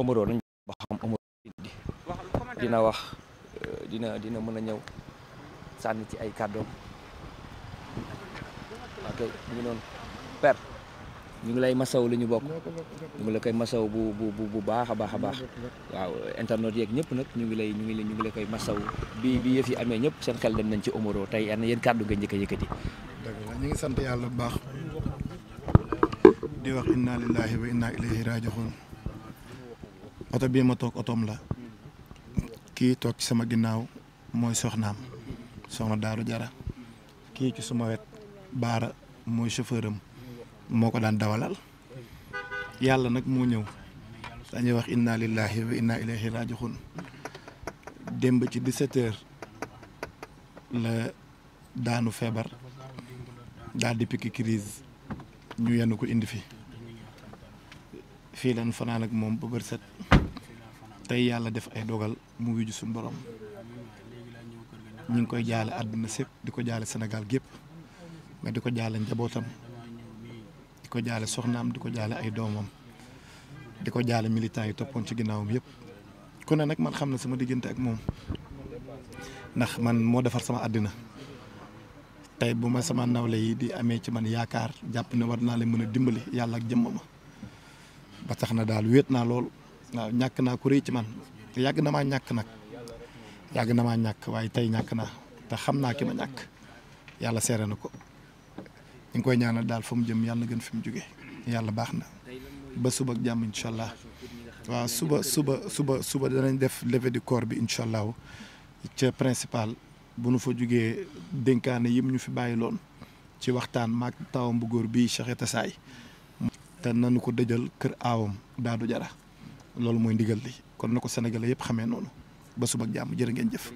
Omaro lañ ba xam Omaro dina wax euh, dina dina mën a ñëw sànni ci ay kàddoom ok mu ngi noonu per ñu ngi lay masaw li ñu bokk ñu ngi la koy masaw bu bu bu baax a baax a baax waaw internet yeeg ñëpp nag ñu ngi lay ñu ngi ñu ngi la koy masaw bi bi yëf yi amee ñëpp seen xel dem nañ ci Omaro te yenn yéen kàddu nga njëkk a yëkkati. ñu ngi sant yàlla bu baax di wax inna lillahi wa inna ilayhi raji'un oto bii ma toog otoom la kii toog ci sama ginnaaw mooy soxnaam soxna Daaru Jara kii ci suma wet baara mooy chauffeur am moo ko daan dawalal yàlla nag moo ñëw dañuy wax inna lillahi wa démb ci 17 heures la daanu feebar daal di pikki crise ñu yenn ko indi fi fii lan fanaan ak moom ba bër set tey yàlla def ay dogal mu wuju suñu borom ñu ngi koy jaale àdduna sépp di ko jaale Sénégal gépp nga di ko jaale njabootam di ko jaale soxnaam di ko jaale ay doomam di ko jaale militant yi toppoon ci ginnaawam yépp ku ne nag man xam na sama diggante ak moom ndax man moo defar sama àddina tey bu ma sama nawle yi di amee ci man yaakaar jàpp ne war naa leen mën a dimbali yàlla ak jëmm ma ba tax na daal wéet naa lool. waaw ñàkk naa ku rëy ci man yàgg na maa ñàkk nag yàgg na maa ñàkk waaye tey ñàkk naa te xam naa ki ma ñàkk yàlla seere na ko ñu ngi koy ñaanal daal fa mu jëm yàlla gën fi mu jóge yàlla baax na ba suba ak jàmm incha allah waaw suba suba suba suba danañ def levée du corps bi incha allah ca principal bu nu fa jugee dénkaane yim ñu fi bàyyi loon ci waxtaan maag tawam bu góor bii Cheikh tasaay te nanu ko dëjal kër aawam du jara loolu mooy ndigal li kon na ko Sénégalais yëpp xamee noonu ba suba ak jër jërë ngeen jëf.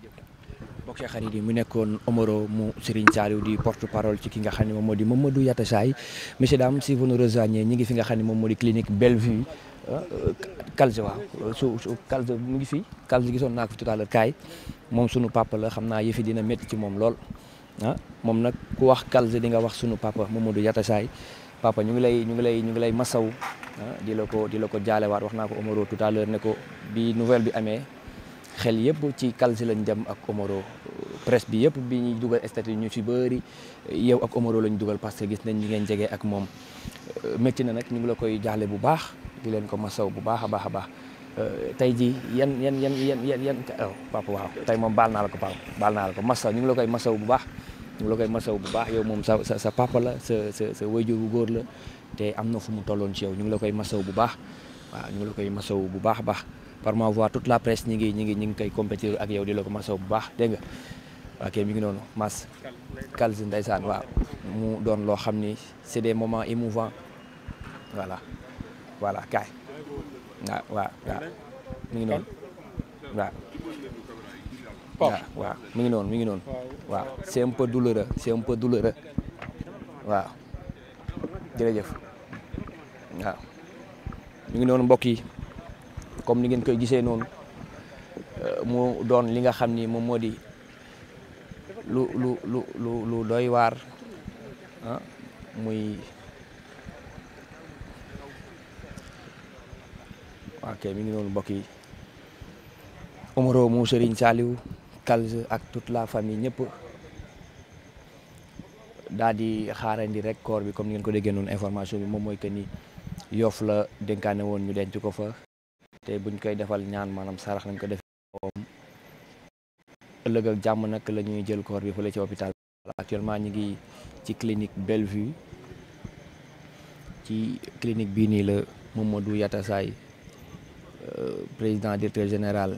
mbokk yi xarit yi mu nekkoon Omaro mu Serigne Saliou di porte parole ci ki nga xam ne moom moo di Mamadou Yatassaye monsieur Dame si vous nous rejoignez ñi ngi fi nga xam ne moom moo di clinique Bellevue euh, Calze waaw su su Calze mu ngi fi Calze gisoon naa ko fi tout à kaay moom sunu papa la xam naa yëfi dina métti ci moom lool ah moom nag ku wax Calze di nga wax sunu moom papa Mamadou Yatassaye papa ñu ngi lay ñu ngi lay ñu ngi lay masaw ah, di la ko di la ko jaalewaat wax naa ko Omaro tout à l'heure ne ko bi nouvelle bi amee xel yëpp ci Kalsi lañ dem ak Omaro presse bi yëpp bi ñuy dugal statut ñu ci bari yow ak Omaro lañ dugal parce que gis nañ ñi ngeen jege ak moom euh, métti na nag ñu ngi la koy jaale bu baax di leen ko masaw bu baax a baax a baax euh, tey jii yan yan yan yan yan yan oh, papa waaw tey moom baal naa la ko papa baal naa la ko masaw ñu ngi la koy masaw bu baax ñu la koy masaw bu baax yow moom sa sa papa la sa sa sa wayjur bu góor la te am na fu mu tolloon ci yow ñu ngi la koy masaw bu baax waaw ñu ngi la koy masaw bu baax baax par ma voix toute la presse ñu ngi ñu ngi ñi ngi koy compétir ak yow di la ko masaw bu baax dégg nga kay mi ngi noonu Mass Kalz ndeysaan waaw mu doon loo xam ni c'est des moment émouvants voilà voilà kay waaw waaw waaw mi ngi noonu waaw waaw waaw mi ngi noonu mi ngi noonu waaw c'est un peu douloureux c'est un peu waaw jërëjëf waaw mi ngi noonu mbokk yi comme ni ngeen koy gisee noonu euh, mu doon li nga xam ni moom moo di lu lu lu lu lu doy waar ah, muy ok mi ngi noonu mbokk yi Omaro mu Serigne Saliou Kalz ak tout la famille ñëpp daa di xaarandi rek corps bi comme ni ngeen ko déggee noonu information bi moom mooy que ni Yoff la dénkaane woon ñu denc ko fa te buñ koy defal ñaan maanaam sarax lañ ko def moom ëllëg ak jàmm nak la ñuy jël corps bi fële ci hôpital actuellement ñu ngi ci clinique Bellevue ci clinique bii nii la moom Mamadou Yatassaye euh, président directeur général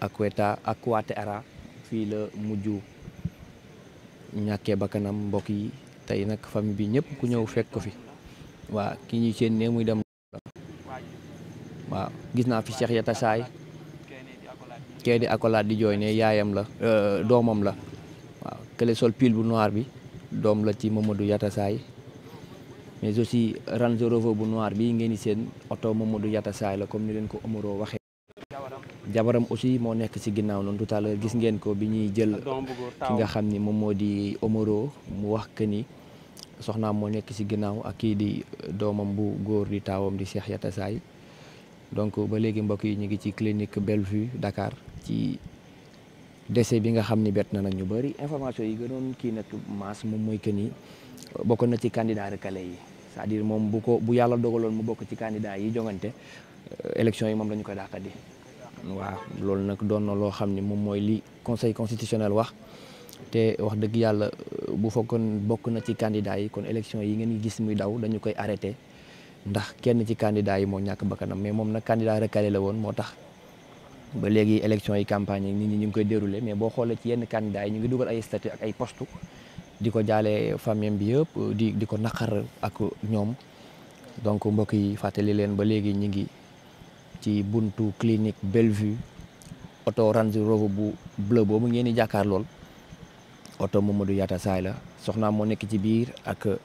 Akweta Akwate Ara fii la mujj ñàkkee bakkanam mbokk yi tey nag famille bi ñëpp ku ñëw fekk ko fi waa ki ñuy seen ne muy dem waaw gis naa fi Cheikh Yata Saay di accolade di jooy ne yaayam la euh, doomam la waaw kële sol pile bu noir bi doom la ci Mamadou Yata Saay mais aussi Range Rover bu noir bi ngeen di seen oto Mamadou Yata Saay la comme ni leen ko Omaro waxee jabaram aussi moo nekk ci ginnaaw noonu tout à gis ngeen ko bi ñuy jël ki nga xam ni moom moo di Omoro mu wax que ni soxnaam moo nekk ci ginnaaw ak kii di doomam bu góor di taawam di Cheikh Yatassay donc ba léegi mbokk yi ñu ngi ci clinique Bellevue Dakar ci décès bi nga xam ni bett na nag ñu bëri information yi gënoon kii nag maas moom mooy que ni bokk na ci candidat recalé yi sa à dire moom bu ko bu yàlla dogaloon mu bokk ci candidat yi jongante euh, élection yi moom dañu koy dàqadi waaw loolu nag doon na loo xam ni moom mooy li conseil constitutionnel wax te wax dëgg yàlla euh, bu fekkoon bokk na ci candidat yi kon élection yi ngeen gis muy daw dañu koy arrêté ndax kenn ci candidat yi moo ñàkk bakkanam mais moom nag candidat recalé la woon moo tax ba léegi élection yi campagne nit ñi ñu ngi koy déroulé mais boo xoolee ci yenn candidat yi ñu ngi dugal ay statut ak ay poste di ko jaale famille bi yëpp di di ko naqar ak ñoom donc mbokk yi fàttali leen ba léegi ñi ngi ci buntu clinique Bellevue oto Range Rover bu bleu boobu ngeen di jàkkaar lool oto Mamadou Yatassay la soxnaa moo nekk ci biir ak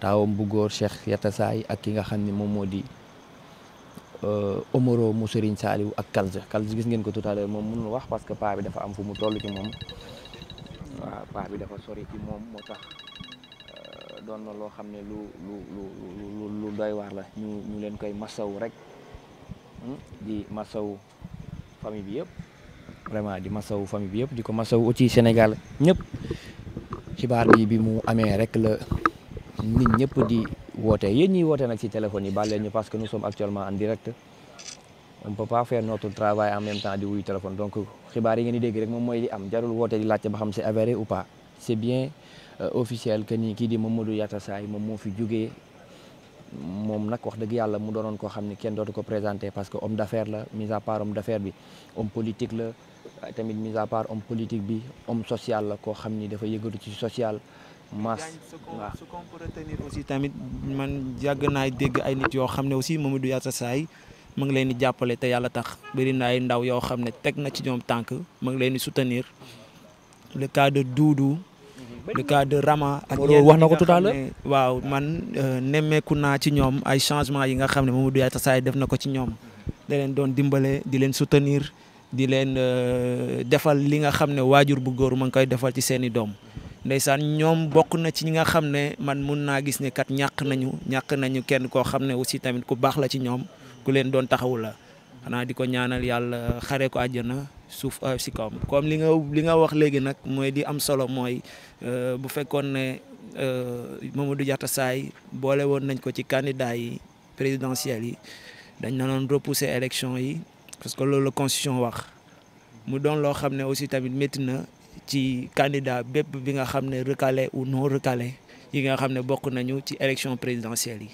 taawam bu góor Cheikh Yatassay ak ki nga xam ne moom moo di euh, Omoro mu Serigne Saliou ak Kalz Kalz gis ngeen ko tout à l'heure moom mënul wax parce que paa bi dafa am fu mu toll ci moom waaw paa bi dafa sori ci moom moo tax euh, doon na loo xam ne lu lu lu lu doy waar la ñu ñu leen koy masawu rek. di masaw famille bi yëpp vraiment di masaw famille bi yëpp di ko masaw aussi Sénégal ñëpp xibaar bi bi mu amee rek la nit ñëpp di woote yéen ñiy woote nag ci téléphone yi baal leen ñu parce que nous sommes actuellement en direct on peut pas faire notre travail en même temps di wuyu téléphone donc xibaar yi ngeen di dégg rek moom mooy li am jarul woote di laajte ba xam c'est avéré ou pas c'est bien euh, officiel que ni kii di Mamadou Yatassaye moom moo fi jógee moom nag wax dëgg yàlla mu doonoon koo xam ni kenn dootu ko présenté parce que homme d'affaires la mise à part homme d'affaires bi homme politique la tamit mise à part homme politique bi homme social la koo xam ni dafa yëgatu ci social masse waaw ce qu'on peut tamit man jàgg naay dégg ay nit yoo xam ne aussi du Mamadou Yacine Saay mu ngi leen di jàppale te yàlla tax bëri na ay ndaw yoo xam ne teg na ci ñoom tànk mu ngi leen di soutenir le cas de Doudou le cas de Rama. ak wax na ko tout à waaw man euh, nemmeeku naa ci ñoom ay changement yi nga xam ne moom du Yaye Tassaye def na ko ci ñoom. da leen doon dimbale di leen soutenir di leen euh, defal li nga xam ne waajur bu góor ma ngi koy defal ci seen i doom. ndeysaan ñoom bokk na ci ñi nga xam ne man mun naa gis ne kat ñàkk nañu ñàkk nañu kenn koo xam ne aussi tamit ku baax la ci ñoom ku leen doon taxawu la. xanaa di ko ñaanal yàlla xare ko na suuf euh, si comme li nga li nga wax léegi nag mooy di am solo mooy euh, bu fekkoon ne euh, Mamadou Diatta Saay boole woon nañ ko ci candidat yi présidentielles yi dañ na doon repousser élection yi parce que loolu la constitution wax mu doon loo xam ne aussi tamit métti na ci candidat bépp bi nga xam ne recalé ou non recalé yi nga xam ne bokk nañu ci élection présidentielle yi.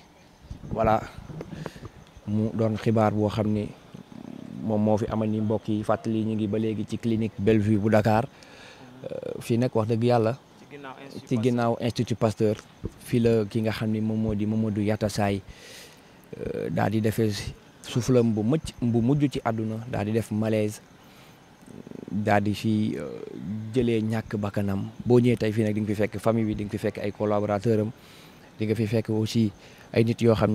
mu doon xibaar boo xam ni. moom moo fi amal ni mbokk yi fàttali ñu ngi ba léegi ci clinique Bellevue bu Dakar euh, fii nag wax dëgg yàlla ci ginnaaw institut Pasteur fii la ki nga xam ni moom moo di du Mamadou Yatassay euh, daal di defee soufflam bu mucc bu mujj ci àdduna daal di def malaise daal di fi euh, jëlee ñàkk bakkanam boo ñëwee tey fii nag di nga fi fekk famille bi di nga fi fekk ay collaborateur am di nga fi fekk aussi ay nit yoo xam